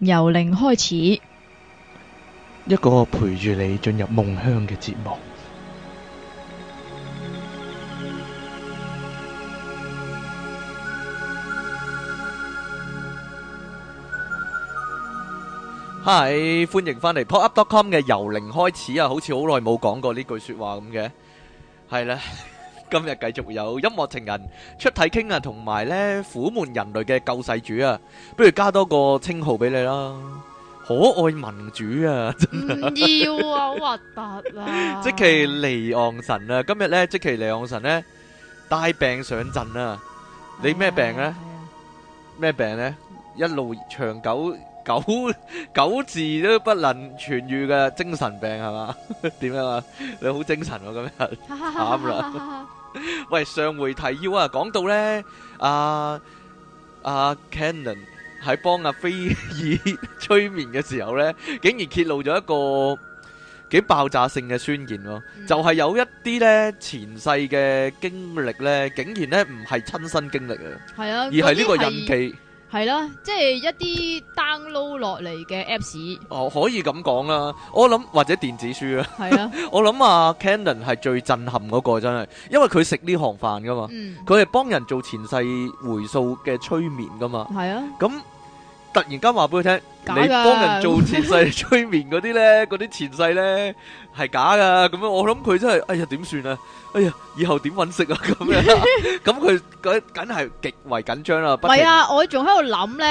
由零開始，一個陪住你進入夢鄉嘅節目。Hi，歡迎返嚟 PodUp.com 嘅由零開始啊，好似好耐冇講過呢句說話咁嘅，係啦。今日繼續有音樂情人出體傾啊，同埋咧虎門人類嘅救世主啊，不如加多個稱號俾你啦，可愛民主啊！唔要 我啊，好核突啊！即其離岸神啊，今日咧即其離岸神咧帶病上陣啊！你咩病咧？咩、哎、呀病咧？一路長久久久治都不能痊癒嘅精神病係嘛？點 啊嘛？你好精神啊今日，慘啦！ 喂，上回提要啊，講到咧阿阿 Canon 喺，幫阿菲爾催眠嘅時候咧，竟然揭露咗一個幾爆炸性嘅宣言咯，就係有一啲咧前世嘅經歷咧，竟然咧唔係親身經歷啊，係啊，而係呢個印記。係啦、啊，即係一啲 download 落嚟嘅 apps。哦，可以咁講啦，我諗或者電子書是啊。係 啊，我諗啊 Cannon 係最震撼嗰個，真係，因為佢食呢行飯噶嘛，佢係、嗯、幫人做前世回數嘅催眠噶嘛。係是啊，咁。突然間話俾佢聽，你幫人做前世催眠嗰啲咧，嗰啲前世咧係假噶，咁樣我諗佢真係，哎呀點算啊，哎呀以後點揾食啊咁樣，咁佢梗梗係極為緊張啦。唔係啊，我仲喺度諗咧，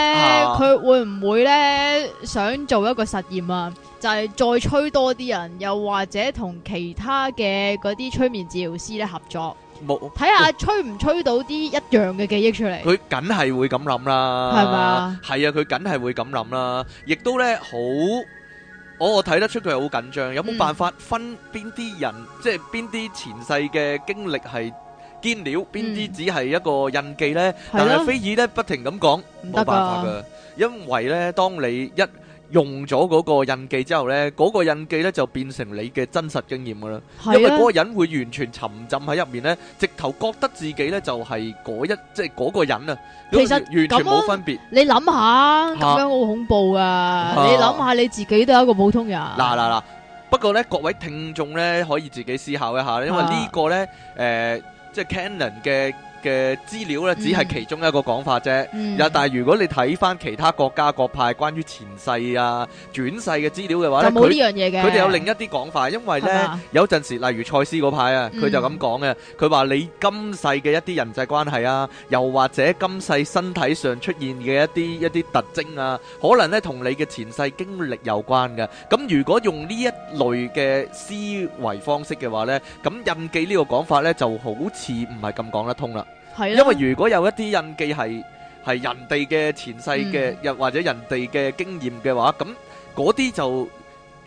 佢會唔會咧想做一個實驗啊？就係再催多啲人，又或者同其他嘅嗰啲催眠治療師咧合作。冇睇下吹唔吹到啲一樣嘅記憶出嚟？佢梗係會咁諗啦，係嘛？係啊，佢梗係會咁諗啦，亦都咧好，我睇得出佢係好緊張。有冇辦法分邊啲人，即係邊啲前世嘅經歷係堅料，邊啲只係一個印記咧？但係菲爾咧不停咁講，冇辦法㗎，因為咧，當你一用咗嗰個印記之後呢，嗰個印記呢就變成你嘅真實經驗噶啦，因為嗰個人會完全沉浸喺入面呢，直頭覺得自己呢就係嗰一即係嗰個人啊。其實完全冇分別。你諗下，咁樣好恐怖啊！你諗下你自己都係一個普通人。嗱嗱嗱！不過呢，各位聽眾呢可以自己思考一下呢，因為呢個呢誒即係 Canon 嘅，嘅資料咧，只係其中一個講法啫。又但係如果你睇返其他國家各派關於前世啊、轉世嘅資料嘅話咧，冇呢樣嘢嘅。佢佢哋有另一啲講法，因為咧有陣時，例如賽斯嗰派啊，佢就咁講嘅。佢話你今世嘅一啲人際關係啊，又或者今世身體上出現嘅一啲一啲特徵啊，可能咧同你嘅前世經歷有關嘅。咁如果用呢一類嘅思維方式嘅話咧，咁印記呢個講法咧就好似唔係咁講得通啦。係，因為如果有一啲印記係係人哋嘅前世嘅，又或者人哋嘅經驗嘅話，咁嗰啲就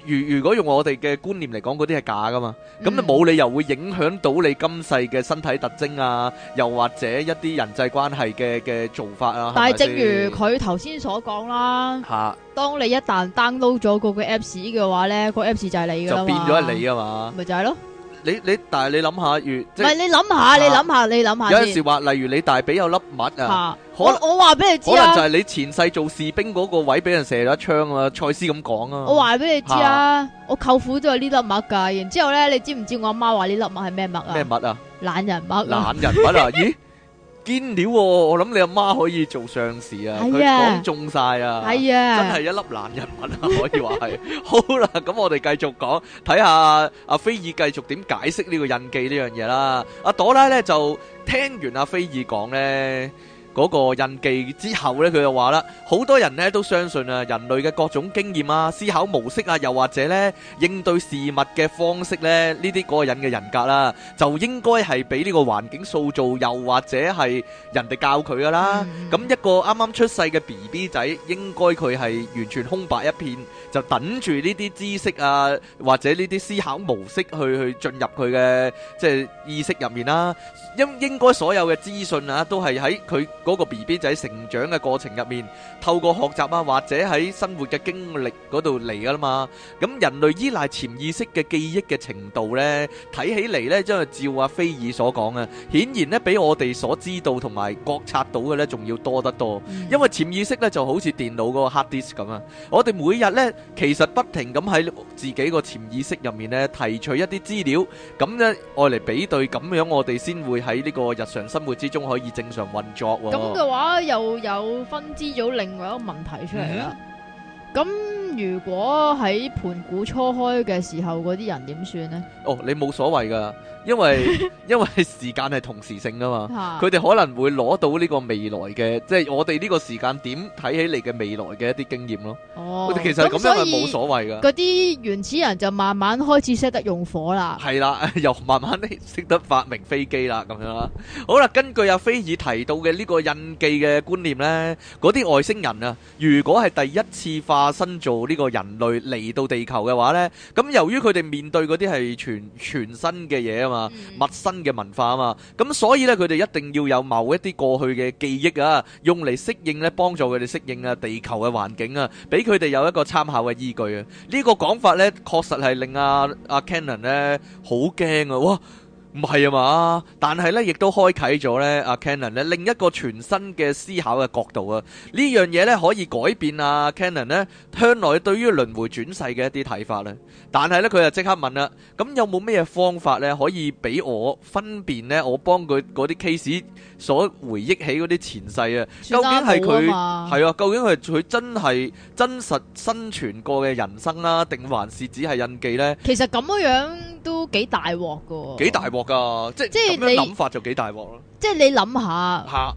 如如果用我哋嘅觀念嚟講，嗰啲係假噶嘛，咁你冇理由會影響到你今世嘅身體特徵啊，又或者一啲人際關係嘅嘅做法啊。但係正如佢頭先所講啦，當你一旦 download 咗嗰個 apps 嘅話咧，個 apps 就係你噶嘛，就變咗係你啊嘛，咪就係咯。你你但係你諗下，如唔係你諗下、啊、下，你諗下，你諗下。有陣時話，例如你大髀有粒物啊，啊可能我我話俾你知、啊、可能就係你前世做士兵嗰個位俾人射咗一槍啊，賽斯咁講啊。我話俾你知啊，啊我舅父都有呢粒物噶，然之後咧，你知唔知道我阿媽話呢粒物係咩物啊？咩物啊？懶人物。懶人物啊？咦？ 堅料喎，我諗你阿媽可以做上士啊，佢講、哎、呀中晒啊，係啊、哎呀，真係一粒男人物啊，可以話係。 好啦，咁我哋繼續講，睇下阿菲爾繼續點解釋呢個印記呢樣嘢啦。阿朵拉咧就聽完阿菲爾講咧。嗰個印記之後呢，佢就話啦，好多人呢都相信啊，人類嘅各種經驗啊、思考模式啊，又或者呢應對事物嘅方式呢，呢啲個人嘅人格啦，就應該係俾呢個環境塑造，又或者係人哋教佢噶啦。咁一個啱啱出世嘅 BB 仔，應該佢係完全空白一片，就等住呢啲知識啊，或者呢啲思考模式去去進入佢嘅即係意識入面啦。應應該所有嘅資訊啊，都係喺佢，嗰個 B B 仔成長嘅過程入面，透過學習啊，或者喺生活嘅經歷嗰度嚟噶啦嘛。咁人類依賴潛意識嘅記憶嘅程度咧，睇起嚟咧，即係照阿菲爾所講啊，顯然咧比我哋所知道同埋覺察到嘅咧，仲要多得多。因為潛意識咧就好似電腦嗰個 hard disk 咁啊。我哋每日咧其實不停咁喺自己個潛意識入面咧提取一啲資料，咁咧愛嚟比對，咁樣我哋先會喺呢個日常生活之中可以正常運作喎。咁嘅話，又有分支咗另外一個問題出嚟啦。Mm-hmm. 咁如果喺盤古初開嘅時候，嗰啲人點算咧？哦，你冇所謂噶，因為因為時間係同時性啊嘛，佢哋可能會攞到呢個未來嘅，即係我哋呢個時間點睇起嚟嘅未來嘅一啲經驗咯。哦，其實咁樣係冇所謂噶。嗰啲原始人就慢慢開始識得用火啦。係啦，又慢慢呢識得發明飛機啦，咁樣啦。好啦，根據阿菲爾提到嘅呢個印記嘅觀念咧，嗰啲外星人啊，如果係第一次發化身做呢個人類嚟到地球嘅話呢，咁由於佢哋面對嗰啲係全全新嘅嘢啊嘛，陌生嘅文化啊嘛，咁所以呢，佢哋一定要有某一啲過去嘅記憶啊，用嚟適應呢，幫助佢哋適應啊地球嘅環境啊，俾佢哋有一個參考嘅依據啊。呢、這個講法呢，確實係令阿、啊、阿、啊、Canon 呢好驚啊！哇！唔係啊嘛，但係咧亦都開啟咗咧阿 Canon 咧另一個全新嘅思考嘅角度啊！呢樣嘢咧可以改變啊 Canon 咧向來對於輪迴轉世嘅一啲睇法咧。但係咧佢就即刻問啦，咁有冇咩方法咧可以俾我分辨？咧我幫佢嗰啲 case 所回憶起嗰啲前世嘛 啊，究竟係佢係啊？究竟係佢真係真實生存過嘅人生啦，定還是只係印記咧？其實咁樣樣都幾大鑊噶，幾大鑊。噶，即係咁樣諗法就幾大鑊咯。即係、啊啊、你諗下，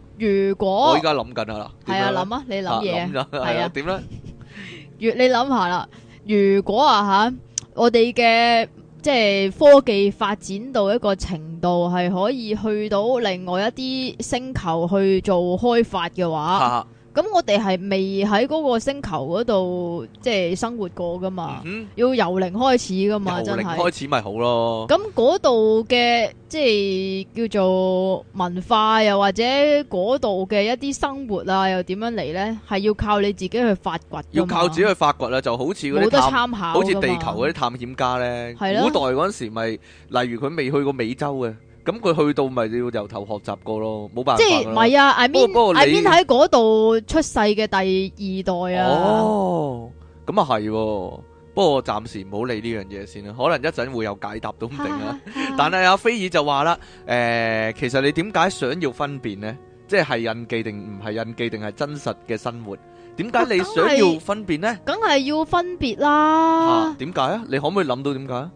如果我而家諗緊啦，係啊諗啊，你諗嘢係啊，點咧？如你諗下啦，如果啊吓，我哋嘅即係科技發展到一個程度，係可以去到另外一啲星球去做開發嘅話。啊咁我哋係未喺嗰個星球嗰度即係生活過噶嘛，嗯、哼要由零開始噶嘛，真係由零開始咪好咯。咁嗰度嘅即係叫做文化，又或者嗰度嘅一啲生活啊，又點樣嚟咧？係要靠你自己去發掘嘛，要靠自己去發掘啦，就好似冇得參考，好似地球嗰啲探險家咧，啊、古代嗰陣時咪、就是、例如佢未去過美洲嘅。咁佢去到咪要由頭學習過咯，冇辦法。即係唔係啊？I mean，I mean 喺嗰度出世嘅第二代啊。哦，咁啊係。不過暫時唔好理呢樣嘢先啦，可能一陣會有解答都唔定啦。但係阿菲爾就話啦，誒，其實你點解想要分辨咧？即係係印記定唔係印記，定係真實嘅生活？點解你想要分辨咧？梗係要分別啦。點解啊？你可唔可以諗到點解？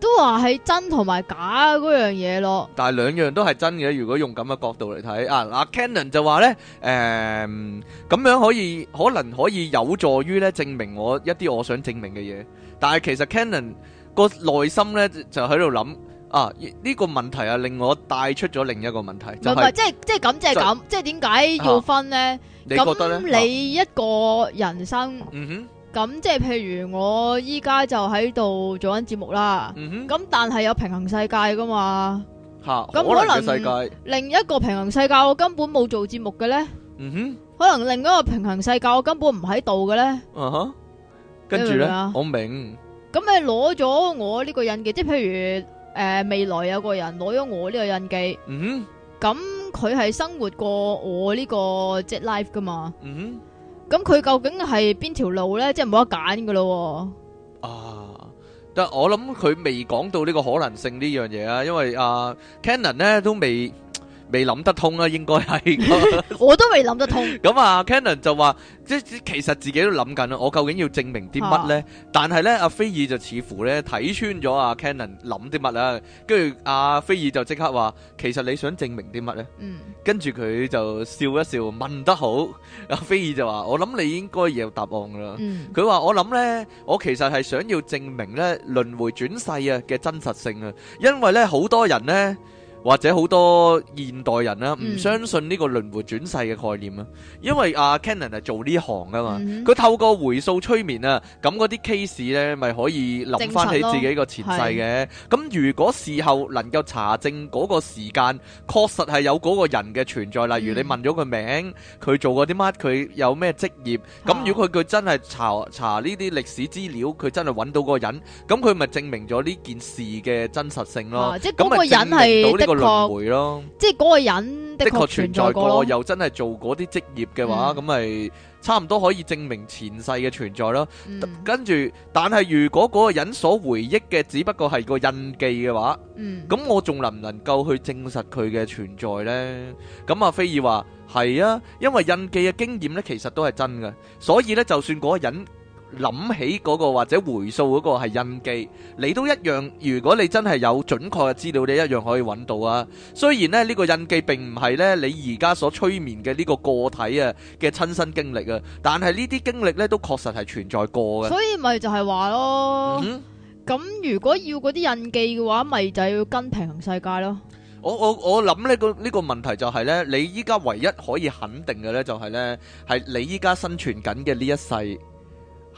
都話係真同埋假嗰樣嘢咯，但係兩樣都係真嘅。如果用咁嘅角度嚟睇啊，嗱，Canon 就話咧，誒、嗯，咁樣可以可能可以有助於咧證明我一啲我想證明嘅嘢。但係其實 Canon 個內心咧就喺度諗啊，呢、呢個問題啊令我帶出咗另一個問題，就係、是、係，即係即係咁，即係咁，就即係點解要分咧、啊？你覺得呢？你一個人生，嗯哼、啊。咁即係譬如我依家就喺度做緊節目啦，咁但係有平行世界噶嘛？吓，咁可能另一個平行世界我根本冇做節目嘅咧，嗯哼，可能另一個平行世界我根本唔喺度嘅咧，嗯哼，跟住咧，我明，咁你攞咗我呢個印記，即係譬如誒未來有個人攞咗我呢個印記，嗯，咁佢係生活過我呢個即係 life 噶嘛，嗯。咁佢究竟係邊條路咧？即係冇得揀㗎咯喎！啊，但我諗佢未講到呢個可能性呢樣嘢啊，因為、啊、Cannon 咧都未。未諗得通啦，啊，應該係， 我都未諗得通 ，啊。咁啊 Canon 就話，即其實自己都諗緊啦，我究竟要證明啲乜咧？啊、但係咧，阿菲爾就似乎咧睇穿咗啊 Canon 諗啲乜啊？跟住阿菲爾就即刻話，其實你想證明啲乜咧？嗯，跟住佢就笑一笑，問得好。阿菲爾就話，我諗你應該有答案噶啦。佢話，嗯、我諗咧，我其實係想要證明咧輪迴轉世啊嘅真實性啊，因為咧好多人咧。或者好多現代人啦、啊，唔相信呢個輪迴轉世嘅概念啊。嗯、因為阿 Kenan 係做呢行㗎嘛，佢、嗯、透過回溯催眠啊，咁嗰啲 case 咧咪可以諗翻起自己個前世嘅。咁如果事後能夠查證嗰個時間確實係有嗰個人嘅存在，例如你問咗佢名，佢、嗯、做過啲乜，佢有咩職業，咁、啊、如果佢佢真係查查呢啲歷史資料，佢真係揾到嗰個人，咁佢咪證明咗呢件事嘅真實性咯？啊、即咁個人係、啊。輪迴囉，即係嗰個人的確存在過，又真係做嗰啲職業嘅話，咁咪、嗯、差唔多可以證明前世嘅存在囉。嗯、跟住，但係如果嗰個人所回憶嘅只不過係個印記嘅話，咁、嗯、我仲能唔能夠去證實佢嘅存在呢？咁阿菲爾話係啊，因為印記嘅經驗咧，其實都係真嘅，所以咧，就算嗰個人。諗起嗰個或者回溯嗰個係印記，你都一樣。如果你真係有準確嘅資料，你一樣可以揾到啊。雖然呢呢、呢個印記並唔係呢你而家所催眠嘅呢個個體啊嘅親身經歷啊，但係呢啲經歷呢都確實係存在過嘅。所以咪就係話咯，咁、嗯、如果要嗰啲印記嘅話，咪就要跟平行世界咯。我我我諗呢個呢個問題就係、係、呢：你依家唯一可以肯定嘅呢、就係，就係呢係你依家生存緊嘅呢一世。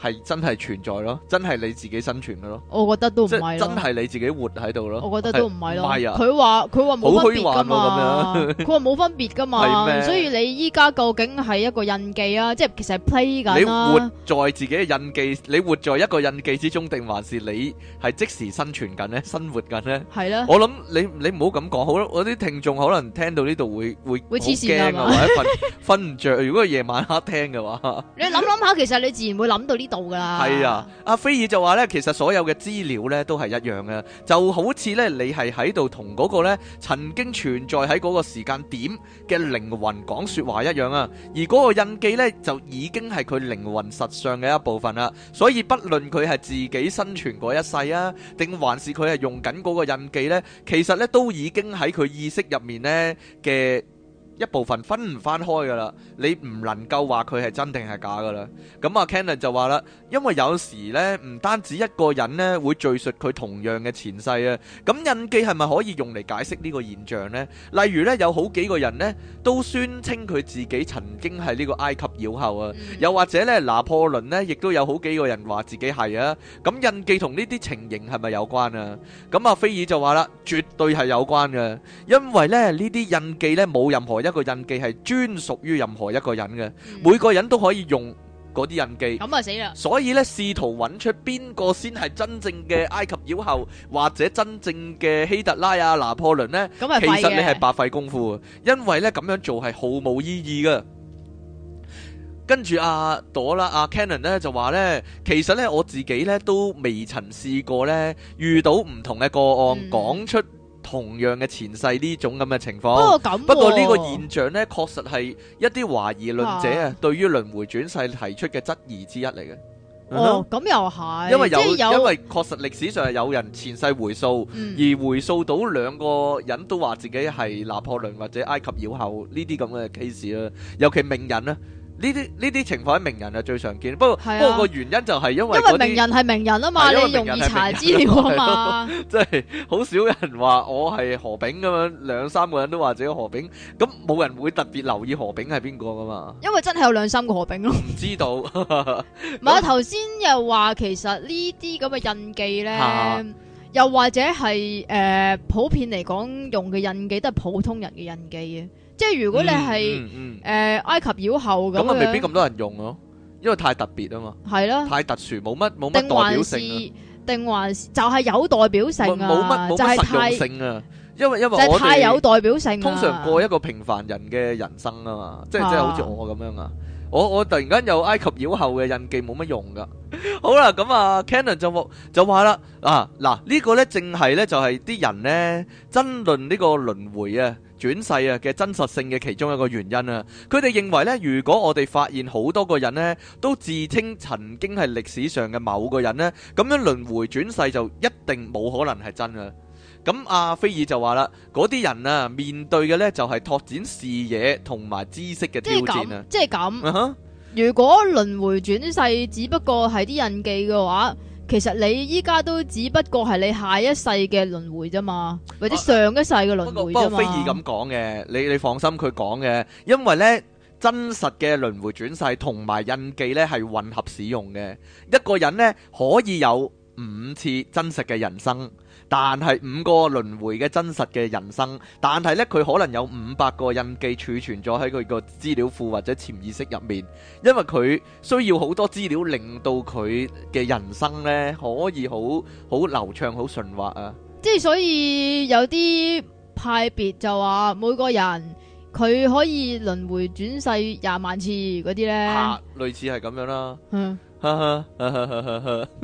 係真係存在咯，真係你自己生存嘅咯。我覺得都唔係，即係真係你自己活喺度咯。我覺得都唔係咯。唔係啊！佢話佢話冇分別㗎嘛。好虛幻啊咁樣。佢話冇分別㗎嘛。所以你依家究竟係一個印記啊？即係其實係 play 緊你活在自己嘅印記，你活在一個印記之中，定還是你係即時生存緊咧？生活緊咧？係啦呢。我諗你你唔好咁講好啦。我啲聽眾可能聽到呢度會會會黐線啊，或者瞓瞓唔着，如果夜晚黑聽嘅話，你諗諗下，其實你自然會諗到呢。係 啊，阿菲爾就話呢其實所有嘅資料呢都係一樣嘅，就好似呢你係喺度同嗰個咧曾經存在喺嗰個時間點嘅靈魂講說話一樣啊，而嗰個印記呢，就已經係佢靈魂實相嘅一部分啦，所以不論佢係自己生存過一世啊，定還是佢係用緊嗰個印記呢，其實呢都已經喺佢意識入面呢嘅的一部分分唔翻開噶啦，你唔能夠話佢係真定係假噶啦。咁啊，Cannon 就話啦，因為有時咧，唔單止一個人咧會敘述佢同樣嘅前世啊。咁印記係咪可以用嚟解釋呢個現象咧？例如咧，有好幾個人咧都宣稱佢自己曾經係呢個埃及妖后啊。嗯、又或者咧，拿破崙咧亦都有好幾個人話自己係啊。咁、嗯、印記同呢啲情形係咪有關啊？咁、嗯、阿菲爾就話啦，絕對係有關嘅，因為咧呢啲印記咧冇任何一個印記係專屬於任何一個人嘅，每個人都可以用嗰啲印記，咁啊死啦！所以咧，試圖揾出邊個先係真正嘅埃及妖后，或者真正嘅希特拉呀、拿破崙咧，咁其實你係白費功夫，因為咧咁樣做係毫無意義㗎。跟住阿朵啦，阿 Cannon 咧就話咧，其實咧我自己咧都未曾試過咧，遇到唔同嘅個案講出。同樣嘅前世呢種咁嘅情況，啊這啊、不過呢個現象咧，確實係一啲懷疑論者啊，對於輪迴轉世提出嘅質疑之一嚟嘅。啊嗯、哼哦，咁又係，因為有，有因為確實歷史上係有人前世回溯，嗯、而回溯到兩個人都話自己係拿破崙或者埃及妖后呢啲咁嘅 case 啦，尤其名人咧。呢啲呢啲情況喺名人啊最常見，不過不過個原因就係因為因為名人係名人啊嘛，你容易查資料啊嘛，即係好少人話我係何炳，咁樣兩三個人都話自己何炳，咁冇人會特別留意何炳係邊個㗎嘛？因為真係有兩三個何炳咯，唔知道。唔 係啊，頭先 又話其實呢啲咁嘅印記咧，啊、又或者係誒、呃、普遍嚟講用嘅印記都係普通人嘅印記嘅。即係如果你係誒埃及妖後咁樣，咁啊未必咁多人用咯，因為太特別啊嘛，係咯，太特殊冇乜冇乜代表性啊，定還是定還是就係有代表性啊？冇乜冇乜實用性啊，因為因為我哋太有代表性。通常過一個平凡人嘅人生啊嘛，即係即係好似我咁樣啊，我我突然間有埃及妖后嘅印記冇乜用噶。好啦，咁啊，Cannon 就話就話啦，嗱嗱呢個咧，正係咧就係啲人咧爭論呢個輪迴啊。轉世啊嘅真實性嘅其中一個原因啊，佢哋認為呢，如果我哋發現好多個人呢都自稱曾經係歷史上嘅某個人呢，咁樣輪迴轉世就一定冇可能係真啊。咁阿菲爾就話啦，嗰啲人啊面對嘅呢，就係拓展視野同埋知識嘅挑戰啊，即係咁。Uh huh? 如果輪迴轉世只不過係啲印記嘅話。其實你依家都只不過係你下一世嘅輪回啫嘛，或者上一世嘅輪回啫嘛。不過，不過菲爾咁講嘅，你你放心，佢講嘅，因為呢真實嘅輪回轉世同埋印記呢係混合使用嘅，一個人呢，可以有五次真實嘅人生。但係五個輪回嘅真實嘅人生，但係呢，佢可能有五百個印記儲存咗喺佢個資料庫或者潛意識入面，因為佢需要好多資料令到佢嘅人生呢可以好好流暢、好順滑啊。即係所以有啲派別就話每個人佢可以輪回轉世廿萬次嗰啲呢，啊，類似係咁樣啦，啊。哈哈哈哈哈。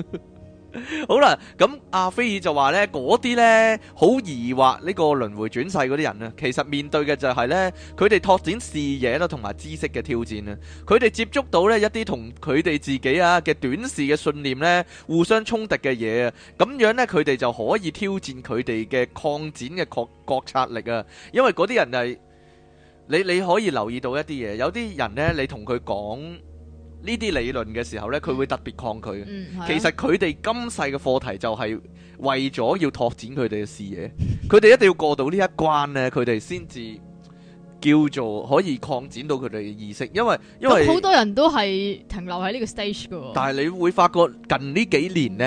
好啦，咁阿菲爾就話呢嗰啲呢，好疑惑呢個輪迴轉世嗰啲人啊，其實面對嘅就係呢，佢哋拓展視野咯，同埋知識嘅挑戰啊，佢哋接觸到呢一啲同佢哋自己啊嘅短視嘅信念呢，互相衝突嘅嘢啊，咁樣呢，佢哋就可以挑戰佢哋嘅擴展嘅覺覺察力啊，因為嗰啲人係你你可以留意到一啲嘢，有啲人呢，你同佢講。呢啲理論嘅時候呢，佢會特別抗拒。嗯啊、其實佢哋今世嘅課題就係為咗要拓展佢哋嘅視野，佢哋 一定要過到呢一關呢，佢哋先至叫做可以擴展到佢哋嘅意識。因為因為好多人都係停留喺呢個 stage 嘅。但係你會發覺近呢幾年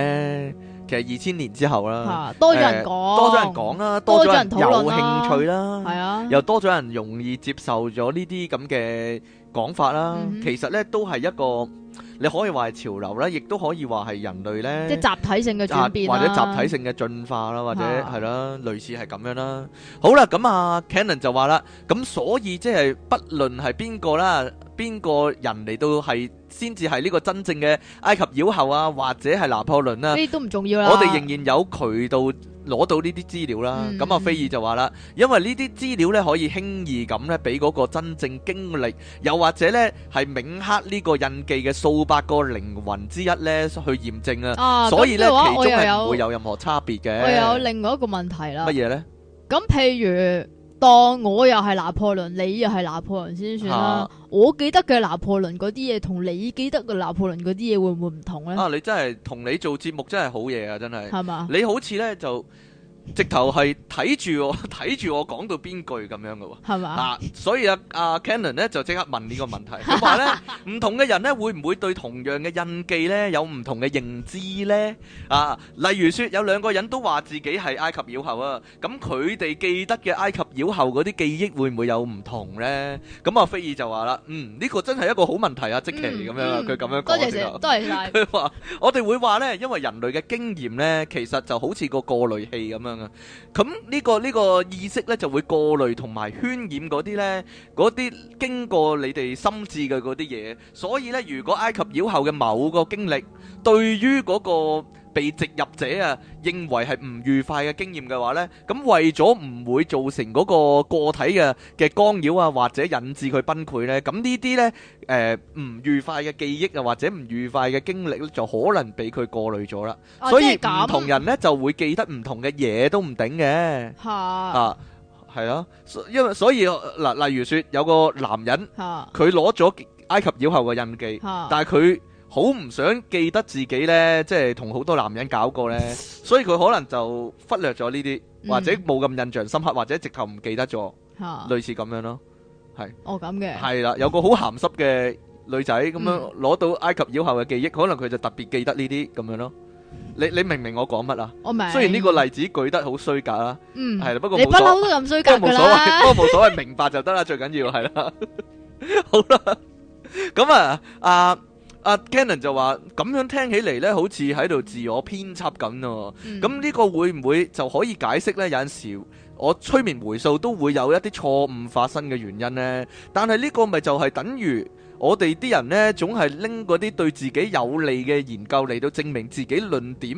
呢。其實二千年之後啦，多咗人講，呃、多咗人講啦，多咗人有興趣啦，係啊，又多咗人容易接受咗呢啲咁嘅講法啦。嗯、哼其實咧都係一個你可以話係潮流啦，亦都可以話係人類咧，即係集體性嘅轉變、啊、或者集體性嘅進化啦，或者係、啊、啦，類似係咁樣啦。好啦，咁啊，Cannon 就話啦，咁所以即係不論係邊個啦。邊個人嚟到係先至係呢個真正嘅埃及妖后啊，或者係拿破崙啊？呢啲都唔重要啦。我哋仍然有渠道攞到呢啲資料啦。咁阿菲爾就話啦，因為呢啲資料咧可以輕易咁咧俾嗰個真正經歷，又或者咧係銘刻呢個印記嘅數百個靈魂之一咧去驗證啊。所以咧，其中係唔會有任何差別嘅。我有另外一個問題啦。乜嘢咧？咁譬如。當我又係拿破崙，你又係拿破崙先算啦。啊、我記得嘅拿破崙嗰啲嘢，同你記得嘅拿破崙嗰啲嘢會唔會唔同咧？啊！你真係同你做節目真係好嘢啊！真係，係嘛？你好似咧就。直頭係睇住我睇住我講到邊句咁樣嘅喎，係嘛？嗱，所以啊，阿 Canon 咧就即刻問呢個問題，佢話咧，唔同嘅人咧會唔會對同樣嘅印記咧有唔同嘅認知咧？啊，例如說有兩個人都話自己係埃及妖后啊，咁佢哋記得嘅埃及妖后嗰啲記憶會唔會有唔同咧？咁啊，菲爾就話啦，嗯，呢個真係一個好問題啊，即奇咁樣，佢咁樣講嘅。多謝晒，多謝晒。佢話我哋會話咧，因為人類嘅經驗咧，其實就好似個過濾器咁啊。咁呢個呢個意識呢，就會過濾同埋渲染嗰啲呢，嗰啲經過你哋心智嘅嗰啲嘢，所以呢，如果埃及妖后嘅某個經歷對於嗰個，被植入者啊，認為係唔愉快嘅經驗嘅話咧，咁為咗唔會造成嗰個個體嘅嘅干擾啊，或者引致佢崩潰咧，咁呢啲咧誒唔愉快嘅記憶啊，或者唔愉快嘅經歷咧，就可能俾佢過濾咗啦。所以唔同人咧就會記得唔同嘅嘢都唔頂嘅。嚇啊，係咯，因為所以嗱，例如說有個男人，佢攞咗埃及妖后嘅印記，但係佢。好唔想記得自己咧，即係同好多男人搞過咧，所以佢可能就忽略咗呢啲，或者冇咁印象深刻，或者直頭唔記得咗，類似咁樣咯，係。哦，咁嘅。係啦，有個好鹹濕嘅女仔咁樣攞到埃及妖后嘅記憶，可能佢就特別記得呢啲咁樣咯。你你明唔明我講乜啊？我明。雖然呢個例子舉得好衰格啦，嗯，係啦，不過冇所謂，都冇所謂，都冇所謂，明白就得啦，最緊要係啦。好啦，咁啊，阿。啊、uh，Cannon 就話咁樣聽起嚟呢好似喺度自我編輯咁咯、啊。咁呢、mm. 個會唔會就可以解釋呢？有陣時候我催眠回溯都會有一啲錯誤發生嘅原因呢？但係呢個咪就係等於我哋啲人呢，總係拎嗰啲對自己有利嘅研究嚟到證明自己論點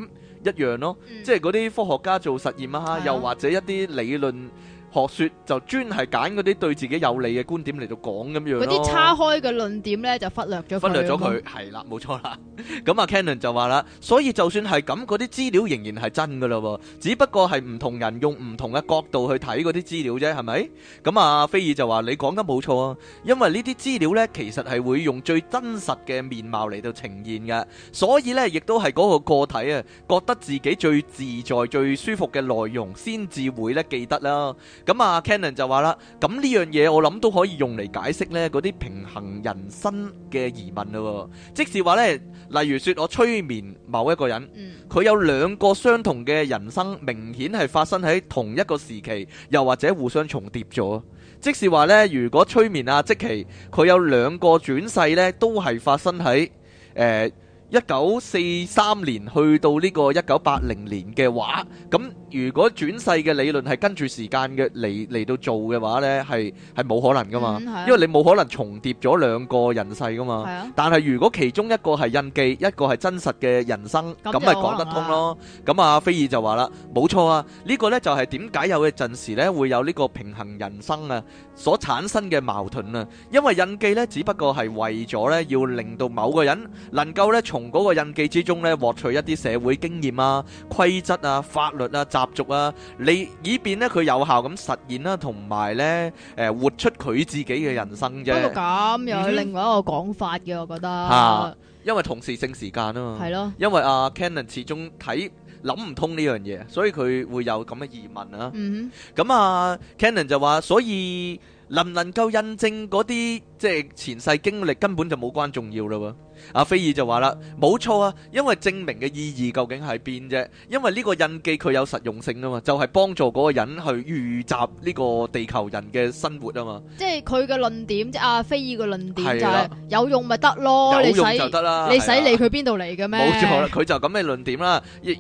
一樣咯、啊。Mm. 即係嗰啲科學家做實驗啊，Yeah. 又或者一啲理論。學說就專係揀嗰啲對自己有利嘅觀點嚟到講咁樣，嗰啲叉開嘅論點呢，就忽略咗。忽略咗佢，係啦，冇錯啦。咁 啊，Cannon 就話啦，所以就算係咁，嗰啲資料仍然係真噶喎。只不過係唔同人用唔同嘅角度去睇嗰啲資料啫，係咪？咁啊，菲爾就話：你講得冇錯啊，因為呢啲資料呢，其實係會用最真實嘅面貌嚟到呈現嘅，所以呢，亦都係嗰個個體啊覺得自己最自在、最舒服嘅內容先至會咧記得啦。咁啊，Cannon 就話啦，咁呢樣嘢我諗都可以用嚟解釋呢嗰啲平衡人生嘅疑問咯。即是話呢，例如說我催眠某一個人，佢、嗯、有兩個相同嘅人生，明顯係發生喺同一個時期，又或者互相重疊咗。即是話呢，如果催眠呀、啊，即期佢有兩個轉世呢，都係發生喺誒一九四三年去到呢個一九八零年嘅話，咁。如果轉世嘅理論係跟住時間嘅嚟嚟到做嘅話咧，係係冇可能噶嘛，因為你冇可能重疊咗兩個人世噶嘛。係啊，但係如果其中一個係印記，一個係真實嘅人生，咁咪講得通咯。咁，阿飛爾就話啦，冇錯啊，呢個咧就係點解有嘅陣時咧會有呢個平衡人生啊所產生嘅矛盾啊，因為印記咧只不過係為咗咧要令到某個人能夠咧從嗰個印記之中咧獲取一啲社會經驗啊、規則啊、法律啊、習習俗啊，你以便咧佢有效咁實現啦、啊，同埋咧誒活出佢自己嘅人生啫。咁又有另外一個講法嘅，嗯、哼我覺得嚇，啊、因為同時性時間啊嘛。係咯了，因為阿、啊、Canon 始終睇諗唔通呢樣嘢，所以佢會有咁嘅疑問啊。嗯咁哼啊，Canon 就話，所以能唔能夠印證嗰啲即係前世經歷，根本就冇關重要啦喎、啊。阿菲爾就話啦，冇錯啊，因為證明嘅意義究竟係邊啫？因為呢個印記佢有實用性噶嘛，就係、是、幫助嗰個人去預習呢個地球人嘅生活啊嘛。即係佢嘅論點即阿菲爾嘅論點就係有用咪得咯？有用就得啦，的你使理佢邊度嚟嘅咩？冇錯啦，佢就咁嘅論點啦。而而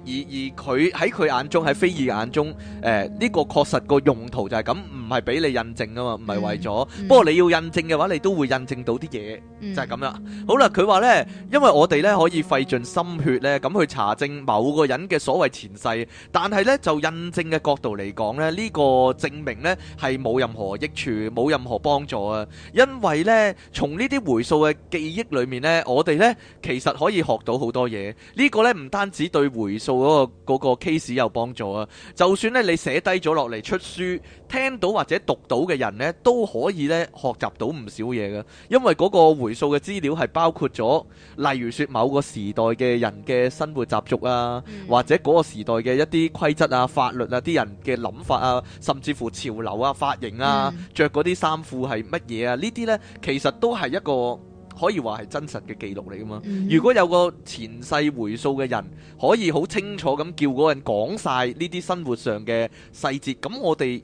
佢喺佢眼中喺菲爾眼中，誒呢、呃這個確實個用途就係咁，唔係俾你印證噶嘛，唔係為咗。嗯嗯、不過你要印證嘅話，你都會印證到啲嘢，嗯、就係咁啦。好啦，佢話咧。因為我哋咧可以費盡心血咧咁去查證某個人嘅所謂前世，但係咧就印證嘅角度嚟講咧，呢個證明咧係冇任何益處，冇任何幫助啊！因為咧從呢啲回溯嘅記憶裏面咧，我哋咧其實可以學到好多嘢。呢、這個咧唔單止對回溯嗰個個 case 有幫助啊，就算咧你寫低咗落嚟出書，聽到或者讀到嘅人咧都可以咧學習到唔少嘢噶，因為嗰個回溯嘅資料係包括咗。例如說某個時代嘅人嘅生活習俗啊，mm hmm. 或者嗰個時代嘅一啲規則啊、法律啊、啲人嘅諗法啊，甚至乎潮流啊、髮型啊、着嗰啲衫褲係乜嘢啊，呢啲呢，其實都係一個可以話係真實嘅記錄嚟噶嘛。Mm hmm. 如果有個前世回溯嘅人可以好清楚咁叫嗰人講晒呢啲生活上嘅細節，咁我哋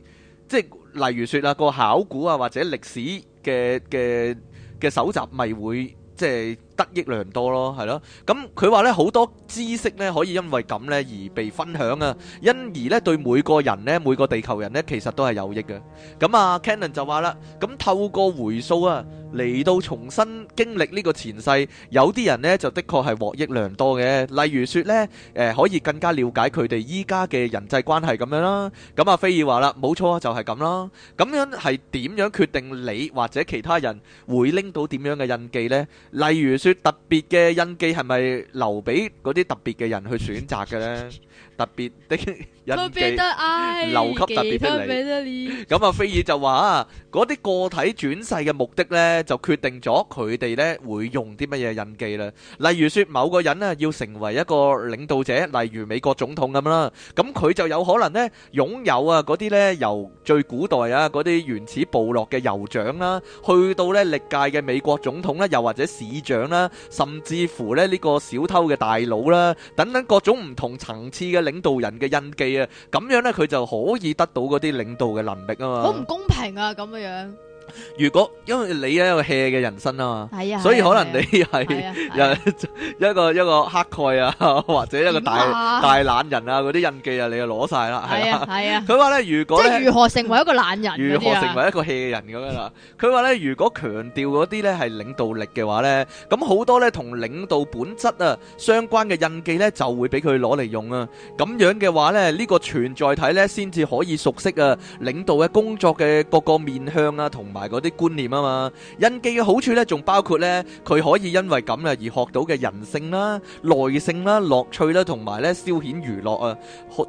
即係例如說啊個考古啊或者歷史嘅嘅嘅蒐集，咪會即係。得益良多咯，係咯，咁佢話咧好多知識咧可以因為咁咧而被分享啊，因而咧對每個人咧每個地球人咧其實都係有益嘅。咁啊，Cannon 就話啦，咁透過回溯啊嚟到重新經歷呢個前世，有啲人咧就的確係獲益良多嘅。例如説咧，誒可以更加瞭解佢哋依家嘅人際關係咁樣啦。咁啊，飛兒話啦，冇錯啊，就係咁啦。咁樣係點樣決定你或者其他人會拎到點樣嘅印記咧？例如説。特別嘅印記，係咪留俾嗰啲特別嘅人去選擇嘅咧？特別的印記留給特別嘅你。咁啊，菲爾就話啊，嗰啲個體轉世嘅目的咧，就決定咗佢哋咧會用啲乜嘢印記啦。例如説，某個人咧要成為一個領導者，例如美國總統咁樣啦，咁佢就有可能咧擁有啊嗰啲咧由最古代啊嗰啲原始部落嘅酋長啦，去到咧歷屆嘅美國總統啦，又或者市長啦，甚至乎咧呢個小偷嘅大佬啦，等等各種唔同層次嘅。領導人嘅印記啊，咁樣呢，佢就可以得到嗰啲領導嘅能力啊嘛。好唔公平啊，咁嘅樣。如果因為你係一個 hea 嘅人生啊嘛，所以可能你係又一個一個黑蓋啊，或者一個大大懶人啊，嗰啲印記啊，你就攞晒啦，係啊，係啊。佢話咧，如果即係如何成為一個懶人，如何成為一個 hea 嘅人咁樣啦。佢話咧，如果強調嗰啲咧係領導力嘅話咧，咁好多咧同領導本質啊相關嘅印記咧就會俾佢攞嚟用啊。咁樣嘅話咧，呢個存在體咧先至可以熟悉啊領導嘅工作嘅各個面向啊，同埋。埋嗰啲觀念啊嘛，印記嘅好處咧，仲包括咧，佢可以因為咁啊而學到嘅人性啦、耐性啦、樂趣啦，同埋咧消遣娛樂啊，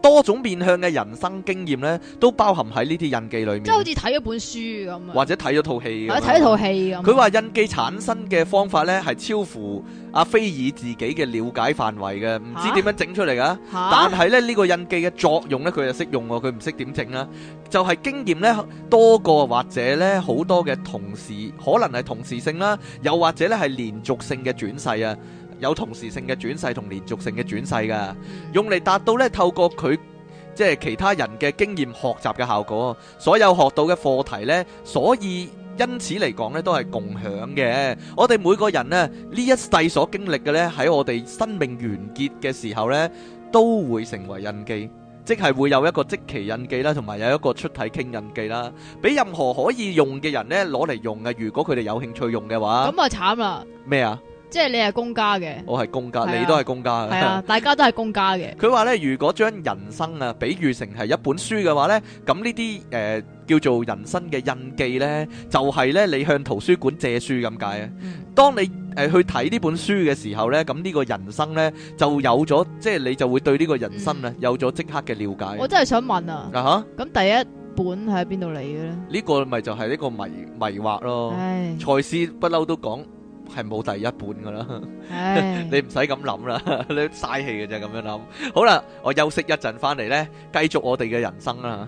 多種面向嘅人生經驗咧，都包含喺呢啲印記裏面。即係好似睇咗本書咁啊，或者睇咗套戲，睇套戲咁。佢話印記產生嘅方法咧，係、嗯、超乎阿菲爾自己嘅了解範圍嘅，唔、啊、知點樣整出嚟噶。啊、但係咧呢、這個印記嘅作用咧，佢又識用喎，佢唔識點整啦，就係、是、經驗咧多過或者咧好。好多嘅同時可能係同時性啦，又或者咧係連續性嘅轉世啊，有同時性嘅轉世同連續性嘅轉世噶，用嚟達到咧透過佢即係其他人嘅經驗學習嘅效果。所有學到嘅課題呢，所以因此嚟講呢都係共享嘅。我哋每個人呢，呢一世所經歷嘅呢，喺我哋生命完結嘅時候呢，都會成為印記。即係會有一個即期印記啦，同埋有一個出體傾印記啦，俾任何可以用嘅人呢攞嚟用嘅。如果佢哋有興趣用嘅話，咁啊慘啦！咩啊？即係你係公家嘅，我係公家，啊、你都係公家嘅，係啊， 啊，大家都係公家嘅。佢話呢，如果將人生啊比喻成係一本書嘅話呢，咁呢啲誒。叫做人生嘅印記咧，就係咧你向圖書館借書咁解。當你誒去睇呢本書嘅時候咧，咁呢個人生咧就有咗，即係你就會對呢個人生啊有咗即刻嘅瞭解。我真係想問啊，嗱嚇，咁第一本喺邊度嚟嘅咧？呢個咪就係呢個迷迷惑咯。賽斯不嬲都講係冇第一本噶啦。你唔使咁諗啦，你嘥氣嘅啫咁樣諗。好啦，我休息一陣翻嚟咧，繼續我哋嘅人生啦。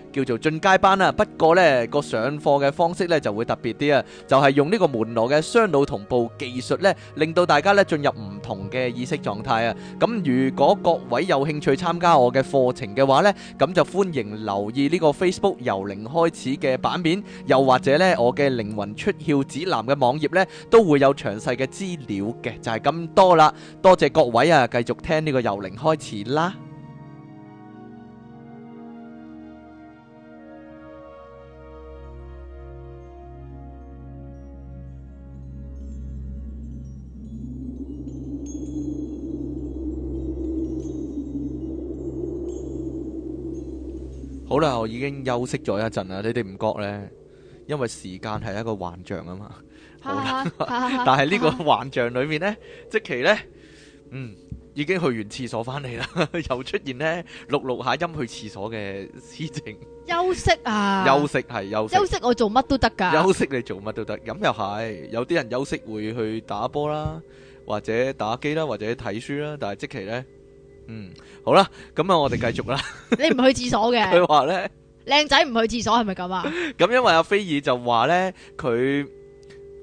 叫做進階班啦，不過呢個上課嘅方式呢就會特別啲啊，就係用呢個門羅嘅雙腦同步技術呢，令到大家呢進入唔同嘅意識狀態啊。咁如果各位有興趣參加我嘅課程嘅話呢，咁就歡迎留意呢個 Facebook 由零開始嘅版面，又或者呢我嘅靈魂出竅指南嘅網頁呢都會有詳細嘅資料嘅，就係咁多啦。多謝各位啊，繼續聽呢個由零開始啦。好啦，我已經休息咗一陣啦。你哋唔覺呢？因為時間係一個幻象啊嘛。好啦，但係呢個幻象裏面呢，哈哈即期呢，嗯，已經去完廁所翻嚟啦， 又出現呢，錄錄下音去廁所嘅事情。休息啊！休息係休息，休息，休息我做乜都得噶。休息你做乜都得，咁又係。有啲人休息會去打波啦，或者打機啦，或者睇書啦。但係即期呢。嗯，好啦，咁 啊，我哋繼續啦。你唔去廁所嘅？佢話咧，靚仔唔去廁所係咪咁啊？咁因為阿菲爾就話咧，佢。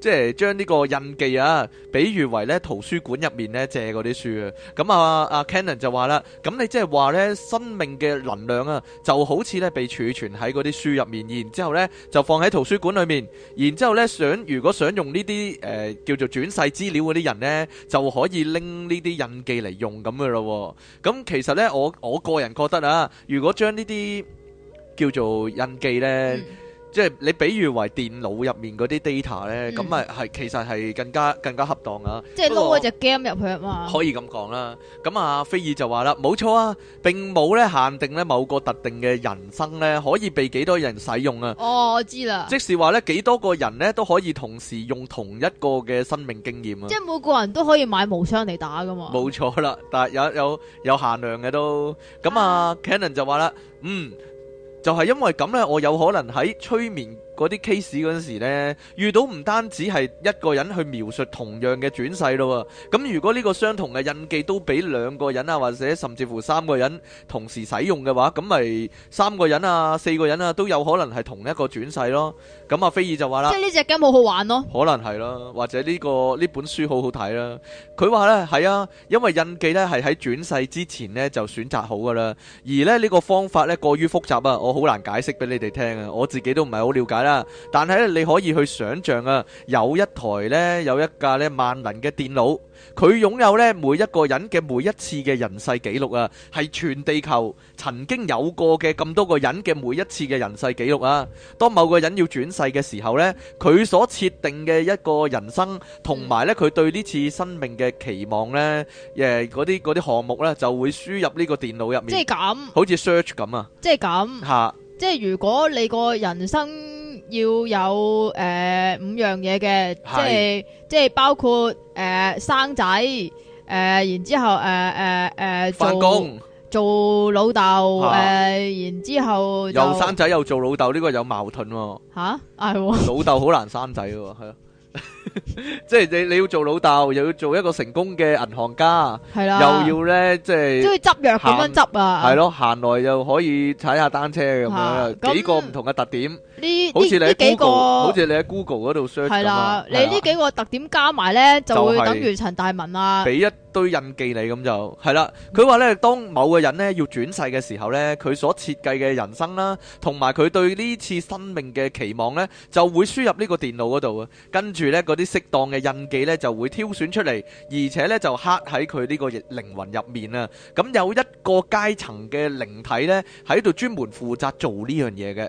即係將呢個印記啊，比喻為咧圖書館入面咧借嗰啲書啊。咁啊啊 Cannon 就話啦，咁你即係話咧生命嘅能量啊，就好似咧被儲存喺嗰啲書入面，然之後咧就放喺圖書館裏面，然之後咧想如果想用呢啲誒叫做轉世資料嗰啲人咧，就可以拎呢啲印記嚟用咁嘅咯。咁其實咧，我我個人覺得啊，如果將呢啲叫做印記咧。嗯即係你比喻為電腦入面嗰啲 data 咧，咁啊係其實係更加更加恰當啊！即係撈一隻 game 入去啊嘛！可以咁講啦。咁啊，菲爾就話啦，冇錯啊，並冇咧限定咧某個特定嘅人生咧可以被幾多人使用啊。哦，我知啦。即使話咧幾多個人咧都可以同時用同一個嘅生命經驗啊。即係每個人都可以買無雙嚟打噶嘛。冇錯啦，但係有有有限量嘅都。咁啊，Canon 就話啦，嗯。就係因為咁咧，我有可能喺催眠嗰啲 case 嗰陣時咧，遇到唔單止係一個人去描述同樣嘅轉世咯。咁如果呢個相同嘅印記都俾兩個人啊，或者甚至乎三個人同時使用嘅話，咁咪三個人啊、四個人啊都有可能係同一個轉世咯。咁阿菲爾就話啦，即係呢隻 game 好好玩咯，哦，可能係咯，或者呢個呢本書好好睇啦。佢話咧係啊，因為印記咧係喺轉世之前咧就選擇好噶啦，而咧呢個方法咧過於複雜啊，我好難解釋俾你哋聽啊，我自己都唔係好了解啦。啊！但係咧，你可以去想象啊，有一台咧，有一架咧，萬能嘅電腦，佢擁有咧每一個人嘅每一次嘅人世記錄啊，係全地球曾經有過嘅咁多個人嘅每一次嘅人世記錄啊。當某個人要轉世嘅時候咧，佢所設定嘅一個人生，同埋咧佢對呢次生命嘅期望咧，誒，嗰啲嗰啲項目咧，就會輸入呢個電腦入面。即係咁，好似 search 咁啊！即係咁，吓，即係如果你個人生。要有誒五樣嘢嘅，即係即係包括誒生仔，誒然之後誒誒誒返工做老豆，誒然之後又生仔又做老豆，呢個有矛盾喎吓，係老豆好難生仔喎，係即係你你要做老豆，又要做一個成功嘅銀行家，係啦，又要咧即係都要執藥，點樣執啊，係咯，閒來又可以踩下單車咁樣，幾個唔同嘅特點。這好似你喺 Google 嗰度 search 係啦。你呢幾個特點加埋呢，就會等於陳大文啦，俾一堆印記你咁就係啦。佢話呢，當某個人呢要轉世嘅時候呢，佢所設計嘅人生啦，同埋佢對呢次生命嘅期望呢，就會輸入呢個電腦嗰度啊。跟住呢，嗰啲適當嘅印記呢就會挑選出嚟，而且呢，就刻喺佢呢個靈魂入面啊。咁有一個階層嘅靈體呢，喺度專門負責做呢樣嘢嘅。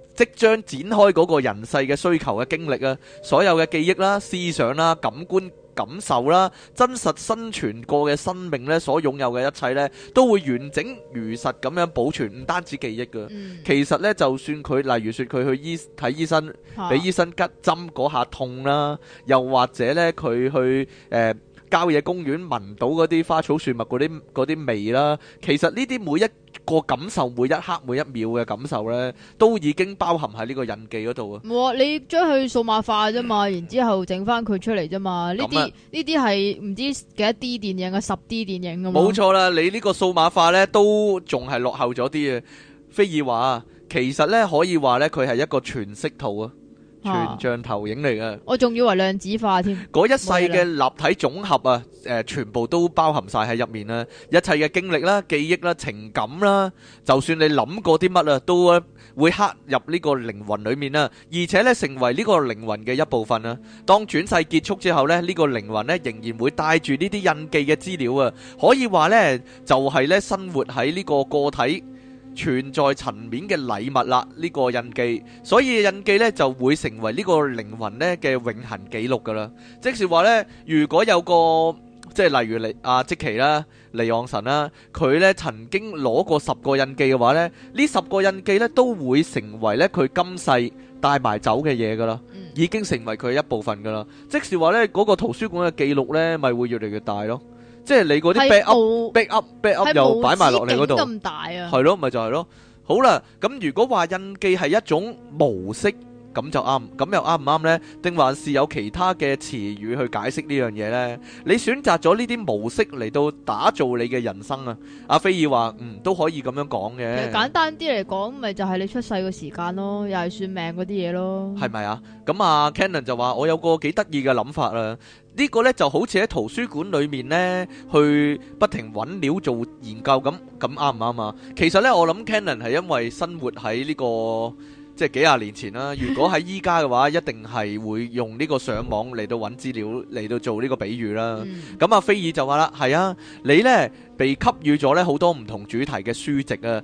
即將展開嗰個人世嘅需求嘅經歷啊，所有嘅記憶啦、思想啦、感官感受啦、真實生存過嘅生命呢，所擁有嘅一切呢，都會完整如實咁樣保存，唔單止記憶㗎。嗯、其實呢，就算佢，例如說佢去醫睇醫生，俾醫生拮針嗰下痛啦，又或者呢，佢去、呃郊野公園聞到嗰啲花草樹木嗰啲啲味啦，其實呢啲每一個感受，每一刻每一秒嘅感受呢，都已經包含喺呢個印記嗰度啊！你將佢數碼化啫嘛，然之後整翻佢出嚟啫嘛，呢啲呢啲係唔知幾多 D 電影啊，十 D 電影咁啊。冇錯啦，你呢個數碼化呢都仲係落後咗啲嘅。非爾話，其實呢可以話呢，佢係一個全息圖啊。全像投影嚟噶，我仲以為量子化添。嗰一世嘅立體總合啊，誒，全部都包含晒喺入面啦，一切嘅經歷啦、記憶啦、情感啦，就算你諗過啲乜啊，都啊會刻入呢個靈魂裏面啦，而且咧成為呢個靈魂嘅一部分啦。當轉世結束之後咧，呢個靈魂咧仍然會帶住呢啲印記嘅資料啊，可以話咧就係咧生活喺呢個個體。存在層面嘅禮物啦，呢個印記，所以印記咧就會成為呢個靈魂咧嘅永恆記錄㗎啦。即是話咧，如果有個即係例如尼亞積奇啦、尼昂神啦，佢咧曾經攞過十個印記嘅話咧，呢十個印記咧都會成為咧佢今世帶埋走嘅嘢㗎啦，已經成為佢一部分㗎啦。即是話咧，嗰個圖書館嘅記錄咧，咪會越嚟越大咯。即係你嗰啲 back up，back up，back up 又擺埋落嚟嗰度。係冇設定咁大啊。係咯，咪就係、係、咯。好啦，咁如果話印記係一種模式。咁就啱，咁又啱唔啱呢？定還是有其他嘅詞語去解釋呢樣嘢呢？你選擇咗呢啲模式嚟到打造你嘅人生啊？阿菲爾話：嗯，都可以咁樣講嘅。其實簡單啲嚟講，咪就係、是、你出世嘅時間咯，又係算命嗰啲嘢咯，係咪啊？咁啊，Cannon 就話：我有個幾得意嘅諗法啊！呢、這個呢，就好似喺圖書館裏面呢，去不停揾料做研究咁，咁啱唔啱啊？其實呢，我諗 Cannon 係因為生活喺呢、這個。即係幾廿年前啦、啊。如果喺依家嘅話，一定係會用呢個上網嚟到揾資料，嚟到做呢個比喻啦。咁阿菲爾就話啦：係啊，你呢被吸予咗咧好多唔同主題嘅書籍啊，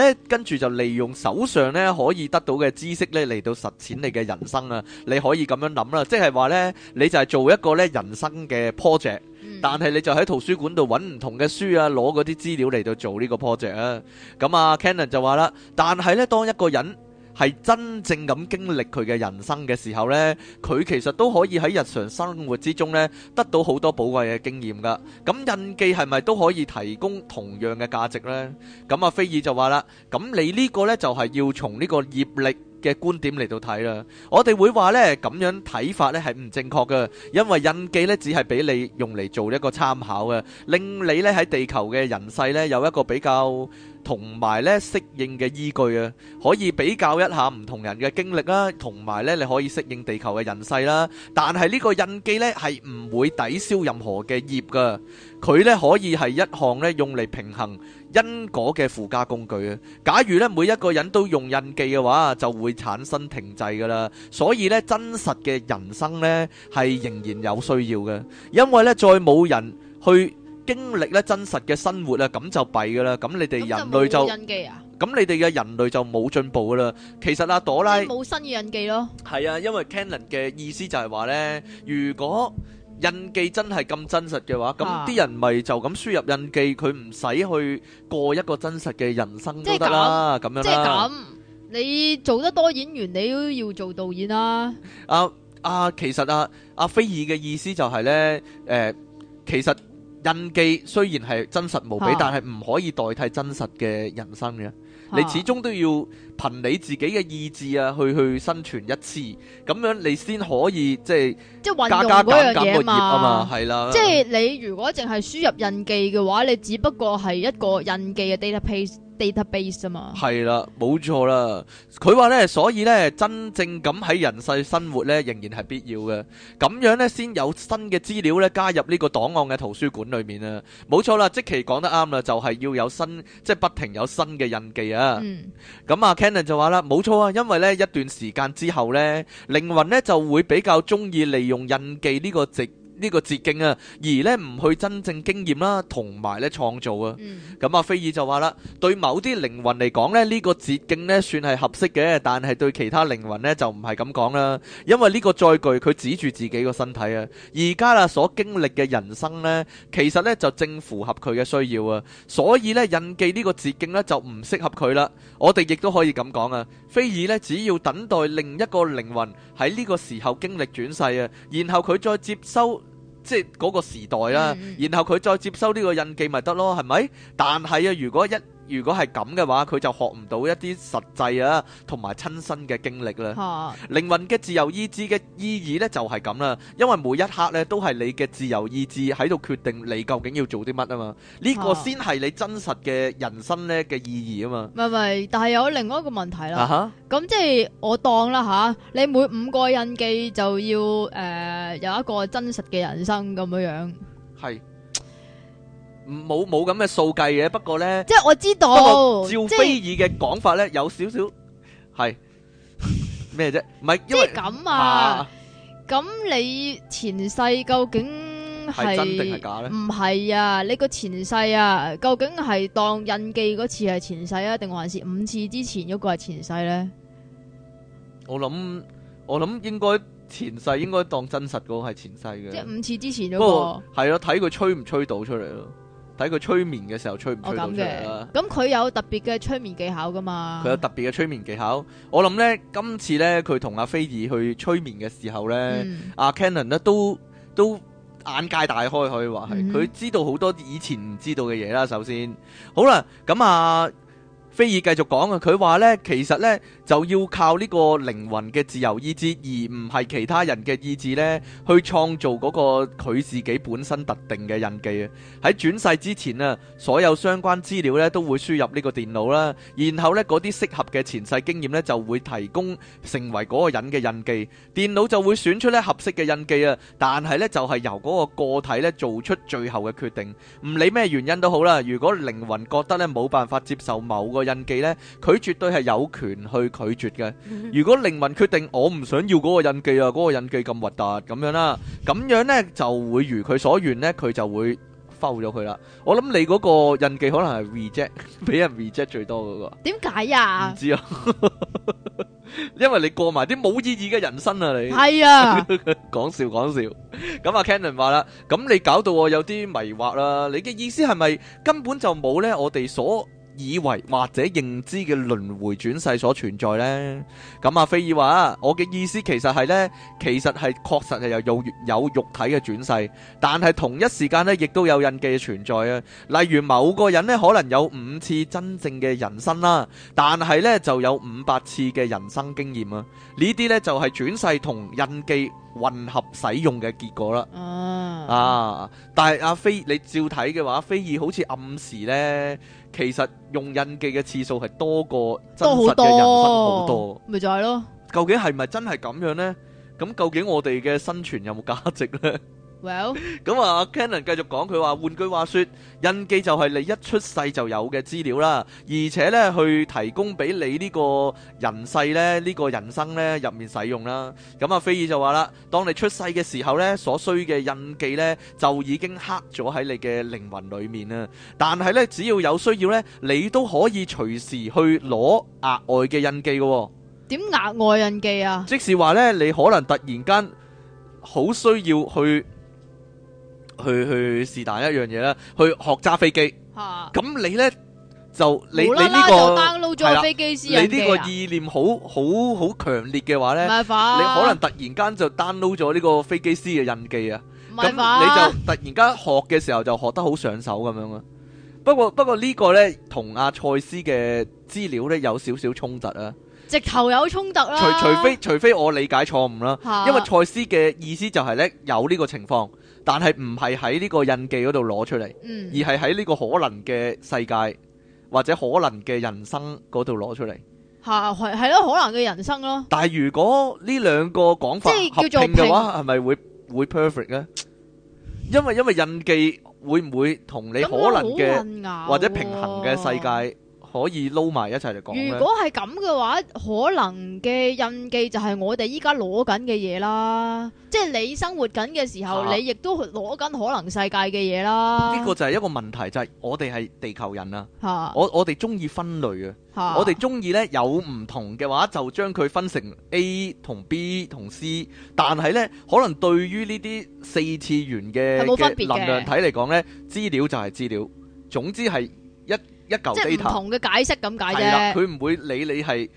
而呢跟住就利用手上呢可以得到嘅知識呢嚟到實踐你嘅人生啊。你可以咁樣諗啦，即係話呢，你就係做一個咧人生嘅 project，嗯、但係你就喺圖書館度揾唔同嘅書啊，攞嗰啲資料嚟到做呢個 project 啊。咁啊，Cannon 就話啦，但係呢，當一個人係真正咁經歷佢嘅人生嘅時候呢，佢其實都可以喺日常生活之中呢得到好多寶貴嘅經驗噶。咁印記係咪都可以提供同樣嘅價值呢？咁阿菲爾就話啦：咁你呢個呢就係要從呢個業力嘅觀點嚟到睇啦。我哋會話呢咁樣睇法呢係唔正確噶，因為印記呢只係俾你用嚟做一個參考嘅，令你呢喺地球嘅人世呢有一個比較。同埋呢，適應嘅依據啊，可以比較一下唔同人嘅經歷啦，同埋呢，你可以適應地球嘅人世啦。但係呢個印記呢係唔會抵消任何嘅業㗎，佢呢可以係一項呢用嚟平衡因果嘅附加工具啊。假如呢每一個人都用印記嘅話，就會產生停滯㗎喇。所以呢，真實嘅人生呢係仍然有需要嘅，因為呢再冇人去。經歷咧真實嘅生活咧，咁就弊噶啦。咁你哋人類就咁，你哋嘅人類就冇進步噶啦。其實阿朵拉冇新嘅印記咯，係啊，因為 Canon 嘅意思就係話咧，如果印記真係咁真實嘅話，咁啲人咪就咁輸入印記，佢唔使去過一個真實嘅人生都得啦。咁樣即係咁，你做得多演員，你都要做導演啊。阿阿其實阿阿菲爾嘅意思就係咧，誒，其實。印記雖然係真實無比，但係唔可以代替真實嘅人生嘅。你始終都要。憑你自己嘅意志啊，去去生存一次，咁樣你先可以即係即係運加加減減減個業啊嘛，係啦嘛。的即係你如果淨係輸入印記嘅話，你只不過係一個印記嘅 database database 啊嘛。係啦，冇錯啦。佢話咧，所以咧真正咁喺人世生活咧，仍然係必要嘅。咁樣咧，先有新嘅資料咧，加入呢個檔案嘅圖書館裏面啊。冇錯啦，即期講得啱啦，就係、是、要有新，即、就、係、是、不停有新嘅印記啊。咁、嗯、啊。就話啦，冇錯啊，因為咧一段時間之後咧，靈魂咧就會比較中意利用印記呢個值。呢個捷徑啊，而呢唔去真正經驗啦，同埋呢創造啊。咁阿菲爾就話啦，對某啲靈魂嚟講呢，呢個捷徑呢算係合適嘅，但係對其他靈魂呢，就唔係咁講啦。因為呢個載具佢指住自己個身體啊，而家啦所經歷嘅人生呢，其實呢就正符合佢嘅需要啊，所以呢，印記呢個捷徑呢就唔適合佢啦。我哋亦都可以咁講啊，菲爾呢只要等待另一個靈魂喺呢個時候經歷轉世啊，然後佢再接收。即係嗰個時代啦，啊，然後佢再接收呢個印記咪得咯，係咪？但係啊，如果一如果係咁嘅話，佢就學唔到一啲實際啊，同埋親身嘅經歷啦。靈魂嘅自由意志嘅意義呢就係咁啦，因為每一刻呢都係你嘅自由意志喺度決定你究竟要做啲乜啊嘛，呢個先係你真實嘅人生呢嘅意義啊嘛。唔係，唔係，但係有另外一個問題啦。咁即係我當啦吓，你每五個印記就要誒有一個真實嘅人生咁樣樣。係。冇冇咁嘅數計嘅，不過咧，即係我知道。不過趙飛爾嘅講法咧，即有少少係咩啫？唔係 因為咁啊！咁、啊、你前世究竟係真定係假咧？唔係啊！你個前世啊，究竟係當印記嗰次係前世啊，定還是五次之前嗰個係前世咧？我諗我諗，應該前世應該當真實個係前世嘅，即係五次之前嗰、那個係咯，睇佢吹唔吹到出嚟咯。睇佢催眠嘅時候催唔催到佢啦？咁佢有特別嘅催眠技巧噶嘛？佢有特別嘅催眠技巧。我諗咧，今次咧，佢同阿菲爾去催眠嘅時候咧，阿 Cannon 咧都都眼界大開，可以話係，佢、嗯、知道好多以前唔知道嘅嘢啦。首先，好啦，咁、嗯、啊，菲爾繼續講啊，佢話咧，其實咧。就要靠呢個靈魂嘅自由意志，而唔係其他人嘅意志呢，去創造嗰個佢自己本身特定嘅印記啊！喺轉世之前啊，所有相關資料呢都會輸入呢個電腦啦，然後呢嗰啲適合嘅前世經驗呢就會提供成為嗰個人嘅印記，電腦就會選出呢合適嘅印記啊！但係呢就係由嗰個個體呢做出最後嘅決定，唔理咩原因都好啦。如果靈魂覺得呢冇辦法接受某個印記呢，佢絕對係有權去拒絕嘅。如果靈魂決定我唔想要嗰個印記啊，嗰個印記咁核突咁樣啦，咁樣咧就會如佢所願咧，佢就會摟咗佢啦。我諗你嗰個印記可能係 reject，俾人 reject 最多嗰個。點解呀？唔知啊，因為你過埋啲冇意義嘅人生啊，你係啊，講笑講笑。咁啊，Cannon 話啦，咁你搞到我有啲迷惑啦。你嘅意思係咪根本就冇咧？我哋所以為或者認知嘅輪迴轉世所存在呢？咁阿飛二話，我嘅意思其實係呢，其實係確實係有有有肉體嘅轉世，但係同一時間呢，亦都有印記嘅存在啊。例如某個人呢，可能有五次真正嘅人生啦，但係呢，就有五百次嘅人生經驗啊。呢啲呢，就係轉世同印記混合使用嘅結果啦。嗯、啊，但係阿飛，你照睇嘅話，飛二好似暗示呢。其實用印記嘅次數係多過真實嘅人生好多，咪就係囉。究竟係咪真係咁樣呢？咁究竟我哋嘅生存有冇價值呢？Well，咁啊，Cannon 繼續講，佢話，換句話說，印記就係你一出世就有嘅資料啦，而且咧去提供俾你呢個人世咧呢個人生咧入面使用啦。咁啊，菲爾就話啦，當你出世嘅時候咧，所需嘅印記咧就已經刻咗喺你嘅靈魂裏面啦。但係咧，只要有需要咧，你都可以隨時去攞額外嘅印記㗎喎。點額外印記啊？即是話咧，你可能突然間好需要去。去去是但一樣嘢啦，去學揸飛機。咁哈你呢，就你你呢、這個，個你呢個意念好好好強烈嘅話呢，你可能突然間就 download 咗呢個飛機師嘅印記啊。唔係，你就突然間學嘅時候就學得好上手咁樣啊。不過不過呢個呢同阿蔡司嘅資料呢，有少少衝突啊，直頭有衝突啦。除非除非我理解錯誤啦，哈因為賽斯嘅意思就係、是、呢，有呢個情況。但係唔係喺呢個印記嗰度攞出嚟，嗯，而係喺呢個可能嘅世界或者可能嘅人生嗰度攞出嚟。嚇，係係咯，可能嘅人生咯。但係如果呢兩個講法合併，即係叫做併嘅話，係咪會會 perfect 呢？因為因為印記會唔會同你可能嘅或者平衡嘅世界？可以撈埋一齊嚟講。如果係咁嘅話，可能嘅印記就係我哋依家攞緊嘅嘢啦。即係你生活緊嘅時候，啊、你亦都攞緊可能世界嘅嘢啦。呢個就係一個問題，就係、是、我哋係地球人啦。嚇、啊！我我哋中意分類嘅。嚇、啊！我哋中意呢有唔同嘅話，就將佢分成 A 同 B 同 C。但係呢，可能對於呢啲四次元嘅能量體嚟講呢，資料就係資料。總之係。一嚿即係唔同嘅解釋咁解啫，佢唔會理你係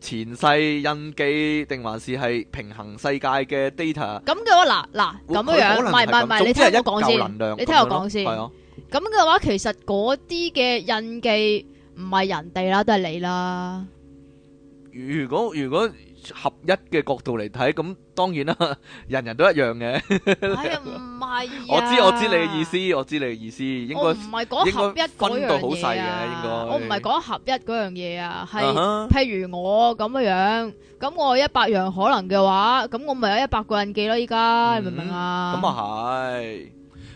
前世印記定還是係平衡世界嘅 data。咁嘅話嗱嗱咁樣樣，唔係唔係唔係，你聽我講先，能量，你聽我講先。咁嘅話其實嗰啲嘅印記唔係人哋啦，都係你啦。如果如果。合一嘅角度嚟睇，咁當然啦，人人都一樣嘅。係啊，唔係啊。我知我知你嘅意思，我知你嘅意思。應該我唔係講合一嗰樣嘢啊。我唔係講合一嗰樣嘢啊，係譬如我咁嘅樣，咁我一百樣可能嘅話，咁我咪有一百個印記咯。依家你明唔明啊？咁啊係。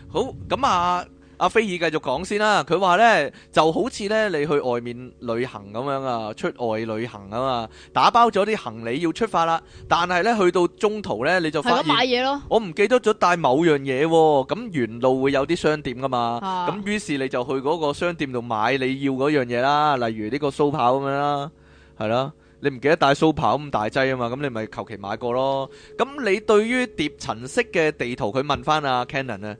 好，咁啊。阿菲爾繼續講先啦，佢話呢就好似呢你去外面旅行咁樣啊，出外旅行啊嘛，打包咗啲行李要出發啦。但係呢，去到中途呢，你就發現買嘢咯。我唔記得咗帶某樣嘢喎，咁沿路會有啲商店噶嘛，咁、啊、於是你就去嗰個商店度買你要嗰樣嘢啦。例如呢個鬚刨咁樣啦，係啦，你唔記得帶鬚刨咁大劑啊嘛，咁你咪求其買過咯。咁你，你對於疊層式嘅地圖，佢問翻阿 Canon 啊。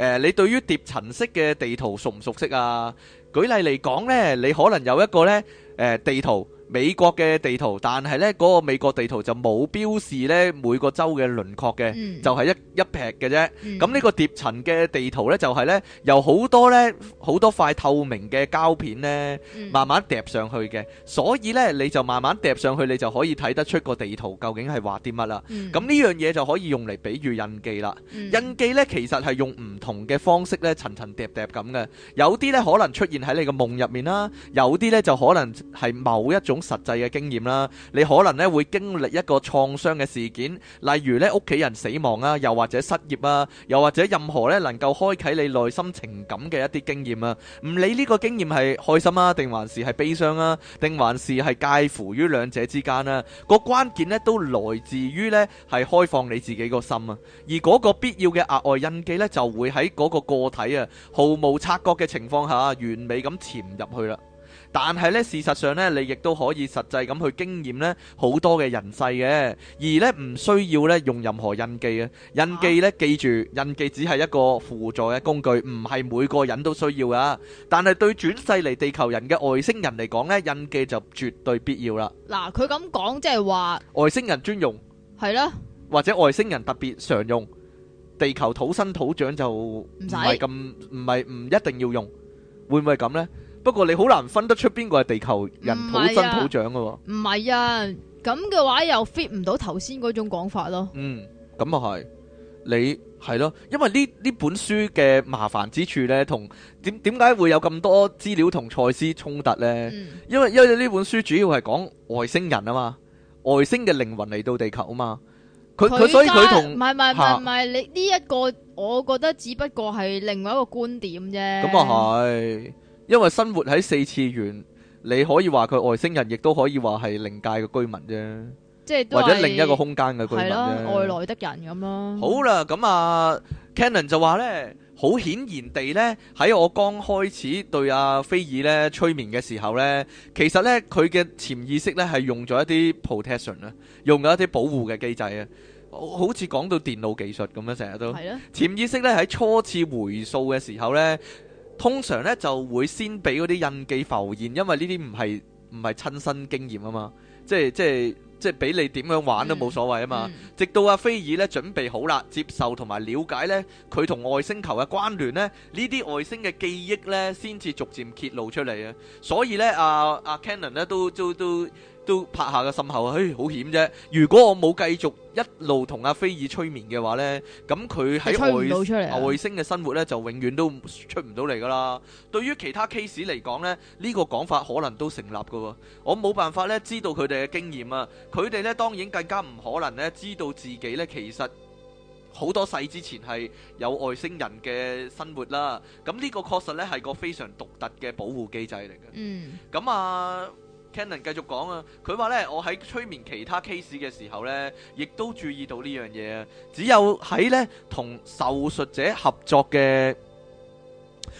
誒，你對於疊層式嘅地圖熟唔熟悉啊？舉例嚟講呢，你可能有一個呢，誒地圖，美國嘅地圖，但係咧嗰個美國地圖就冇標示咧每個州嘅輪廓嘅，就係一一撇嘅啫。咁呢個疊層嘅地圖咧，就係咧由好多咧好多塊透明嘅膠片咧慢慢疊上去嘅，所以咧你就慢慢疊上去，你就可以睇得出個地圖究竟係畫啲乜啦。咁呢樣嘢就可以用嚟比喻印記啦。印記咧其實係用唔同嘅方式咧層層疊疊咁嘅，有啲咧可能出現喺你嘅夢入面啦，有啲咧就可能係某一種，實際嘅經驗啦，你可能咧會經歷一個創傷嘅事件，例如咧屋企人死亡啊，又或者失業啊，又或者任何咧能夠開啟你內心情感嘅一啲經驗啊，唔理呢個經驗係開心啊，定還是係悲傷啊，定還是係介乎於兩者之間啊，個關鍵呢都來自於呢係開放你自己個心啊，而嗰個必要嘅額外印記呢，就會喺嗰個個體啊，毫無察覺嘅情況下完美咁潛入去啦。但係咧，事實上咧，你亦都可以實際咁去經驗咧好多嘅人世嘅，而咧唔需要咧用任何印記啊！印記咧記住，印記只係一個輔助嘅工具，唔係每個人都需要㗎。但係對轉世嚟地球人嘅外星人嚟講咧，印記就絕對必要啦。嗱，佢咁講即係話外星人專用，係啦，或者外星人特別常用，地球土生土長就唔係咁，唔係唔一定要用，會唔會咁咧？不過你好難分得出邊個係地球人土生土長噶喎，唔係啊，咁嘅話又 fit 唔到頭先嗰種講法咯。嗯，咁啊係，你係咯，因為呢呢本書嘅麻煩之處呢，同點點解會有咁多資料同賽斯衝突呢？嗯、因為因為呢本書主要係講外星人啊嘛，外星嘅靈魂嚟到地球啊嘛，佢家所以佢同唔係唔係唔係你呢一個，我覺得只不過係另外一個觀點啫，咁啊係。因為生活喺四次元，你可以話佢外星人，亦都可以話係另界嘅居民啫，即是是或者另一個空間嘅居民，外來的人咁咯。好啦，咁啊，Cannon 就話呢，好顯然地呢，喺我剛開始對阿菲爾呢催眠嘅時候呢，其實呢，佢嘅潛意識呢係用咗一啲 protection 啊，用咗一啲保護嘅機制啊，好似講到電腦技術咁樣，成日都的潛意識呢喺初次回溯嘅時候呢。通常咧就會先俾嗰啲印記浮現，因為呢啲唔係唔係親身經驗啊嘛，即係即係即係俾你點樣玩都冇所謂啊嘛。嗯嗯、直到阿菲爾咧準備好啦，接受同埋了解咧佢同外星球嘅關聯咧，呢啲外星嘅記憶咧先至逐漸揭露出嚟啊。所以咧，阿、啊、阿、啊、Cannon 咧都都都。都都都拍下個心口，哎，好險啫！如果我冇繼續一路同阿菲爾催眠嘅話呢，咁佢喺外星嘅生活呢，就永遠都出唔到嚟噶啦。對於其他 case 嚟講咧，呢個講法可能都成立噶。我冇辦法呢，知道佢哋嘅經驗啊，佢哋呢，當然更加唔可能呢，知道自己呢，其實好多世之前係有外星人嘅生活啦。咁呢個確實呢，係個非常獨特嘅保護機制嚟嘅。嗯，咁啊。Canon 繼續講啊，佢話咧，我喺催眠其他 case 嘅時候咧，亦都注意到呢樣嘢啊。只有喺咧同受術者合作嘅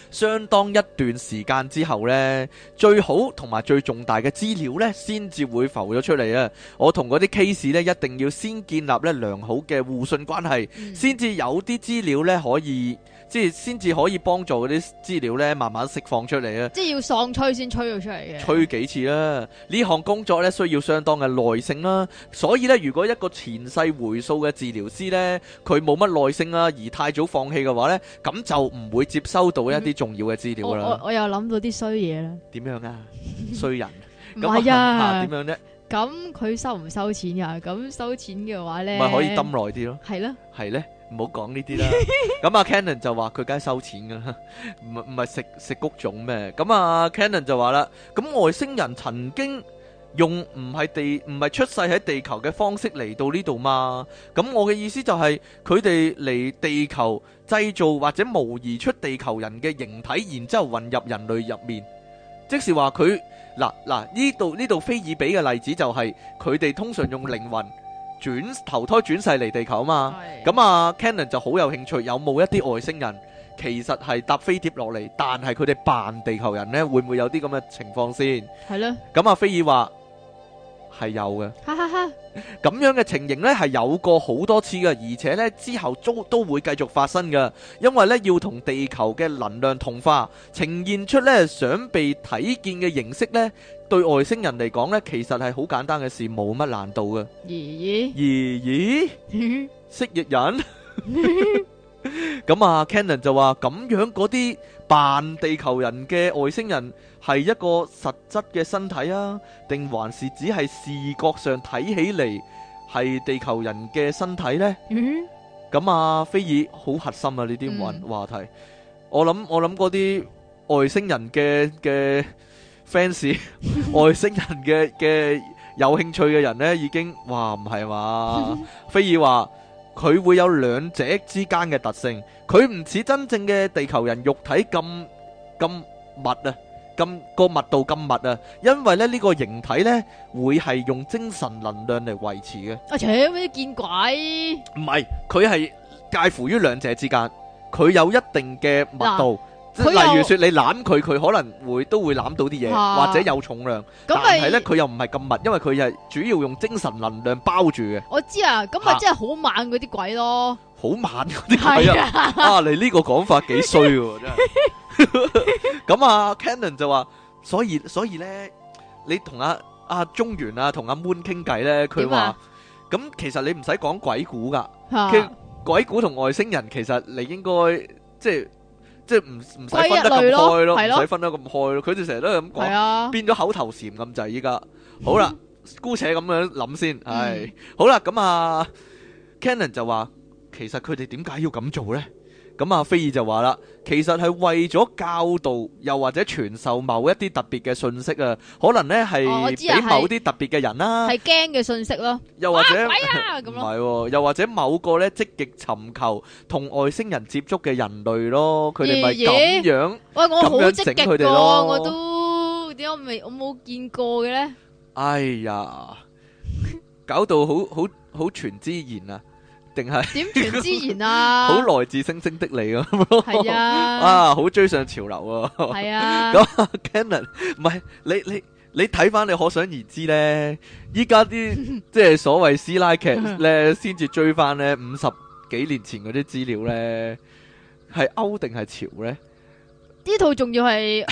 相當一段時間之後咧，最好同埋最重大嘅資料咧，先至會浮咗出嚟啊！我同嗰啲 case 咧，一定要先建立咧良好嘅互信關係，先至、嗯、有啲資料咧可以。即係先至可以幫助嗰啲資料咧，慢慢釋放出嚟啊！即係要喪吹先吹到出嚟嘅，吹幾次啦？呢項工作咧，需要相當嘅耐性啦，所以咧如果一個前世回溯嘅治療師咧，佢冇乜耐性啦、啊，而太早放棄嘅話咧，咁就唔會接收到一啲重要嘅資料啦、嗯。我我又諗到啲衰嘢啦，點樣啊？衰人唔係 啊？點、啊啊、樣咧？咁佢收唔收錢呀、啊？咁收錢嘅話咧，咪可以蹲耐啲咯？係咯的？係咧？唔好講呢啲啦。咁啊 Cannon 就話佢梗係收錢噶，唔係唔係食食谷種咩？咁啊 Cannon 就話啦，咁外星人曾經用唔係地唔係出世喺地球嘅方式嚟到呢度嘛？咁我嘅意思就係佢哋嚟地球製造或者模擬出地球人嘅形體，然之後混入人類入面。即是話佢嗱嗱，呢度呢度，非爾比嘅例子就係佢哋通常用靈魂。轉投胎轉世嚟地球啊嘛，咁的、嗯、啊 Cannon 就好有興趣，有冇一啲外星人其實係搭飛碟落嚟，但係佢哋扮地球人呢，會唔會有啲咁嘅情況先？係咯的，咁、嗯、啊，菲爾話係有嘅，哈哈哈！咁樣嘅情形呢，係有過好多次嘅，而且呢，之後都都會繼續發生嘅，因為呢，要同地球嘅能量同化，呈現出呢，想被睇見嘅形式呢。對外星人嚟講呢，其實係好簡單嘅事，冇乜難度嘅。咦咦咦咦，蜥蜴人咁啊？Cannon，就話：咁樣嗰啲扮地球人嘅外星人係一個實質嘅身體啊，定還是只係視覺上睇起嚟係地球人嘅身體呢？咁啊，菲爾好核心啊！呢啲問話題，我諗我諗嗰啲外星人嘅嘅。fans 外星人嘅嘅，有興趣嘅人咧，已經哇，唔係嘛？菲爾話佢會有兩者之間嘅特性，佢唔似真正嘅地球人肉體咁咁密啊，咁個密度咁密啊，因為咧呢個形體咧會係用精神能量嚟維持嘅。啊，扯咩見鬼？唔係，佢係介乎於兩者之間，佢有一定嘅密度。例如說你攬佢，佢可能會都會攬到啲嘢，或者有重量。咁係，但係咧佢又唔係咁密，因為佢係主要用精神能量包住嘅。我知啊，咁咪即係好猛嗰啲鬼咯，好猛嗰啲鬼啊！你呢個講法幾衰㗎，真係。咁啊，Cannon 就話，所以所以咧，你同阿阿中原啊，同阿 Moon 傾偈咧，佢話，咁其實你唔使講鬼故噶，其實鬼故同外星人，其實你應該即係。即係唔唔使分得咁開咯，唔使分得咁開咯。佢哋成日都係咁講，變咗口頭禪咁滯。依家。好啦，姑、嗯、且咁樣諗先，係好啦。咁啊，Cannon 就話其實佢哋點解要咁做咧？咁啊，菲爾就話啦，其實係為咗教導，又或者傳授某一啲特別嘅信息啊，可能咧係俾某啲特別嘅人啦，係驚嘅信息咯，又或者唔係喎，又或者某個咧積極尋求同外星人接觸嘅人類咯，佢哋咪咁樣，喂，我好積極㗎，我都點解未我冇見過嘅咧？哎呀，搞到好好好傳之言啊！定係點斷之言啊！好 來自星星的你 啊，啊，好追上潮流 啊！係啊， 咁 Kenneth 唔係你你你睇翻你，你可想而知咧，依家啲即係所謂師奶劇咧，先至 追翻咧五十幾年前嗰啲資料咧，係歐定係潮咧？呢套仲要係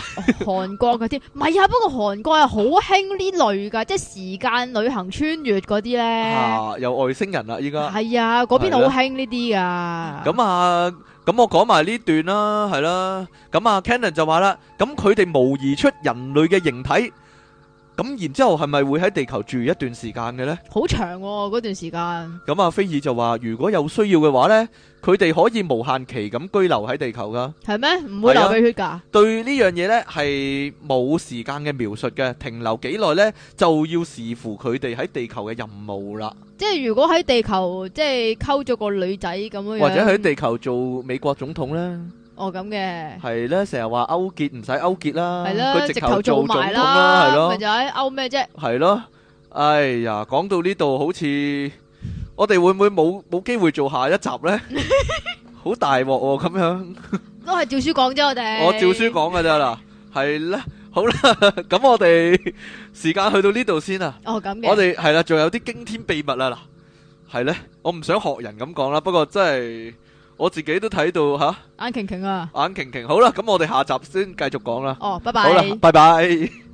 韓國嗰啲？唔係 啊，不過韓國係好興呢類㗎， 即係時間旅行穿越嗰啲咧。啊有外星人啦，依家係啊，嗰邊好興呢啲㗎。咁了、嗯、啊，咁我講埋呢段啦，係啦、啊。咁啊，Cannon 就話啦，咁佢哋模擬出人類嘅形體。咁然之後係咪會喺地球住一段時間嘅呢？好長喎，嗰段時間。咁阿菲爾就話，如果有需要嘅話呢，佢哋可以無限期咁居留喺地球噶。係咩？唔會流鼻血噶？啊，對呢樣嘢呢，係冇時間嘅描述嘅，停留幾耐呢，就要視乎佢哋喺地球嘅任務啦。即係如果喺地球即係溝咗個女仔咁樣，或者喺地球做美國總統呢。哦，咁嘅係咧，成日話勾結唔使勾結啦，佢直頭做埋啦，係咯，咪就喺勾咩啫？係咯，哎呀，講到呢度好似我哋會唔會冇冇機會做下一集咧？好大鑊喎，咁樣都係照書講啫，我哋我照書講噶咋嗱，係啦，好啦，咁我哋時間去到呢度先啊。哦，咁我哋係啦，仲有啲驚天秘密啦嗱，係咧，我唔想學人咁講啦，不過真係。我自己都睇到吓，眼瓊瓊啊，眼瓊瓊，好啦，咁我哋下集先繼續講啦。哦，拜拜，好啦，拜拜。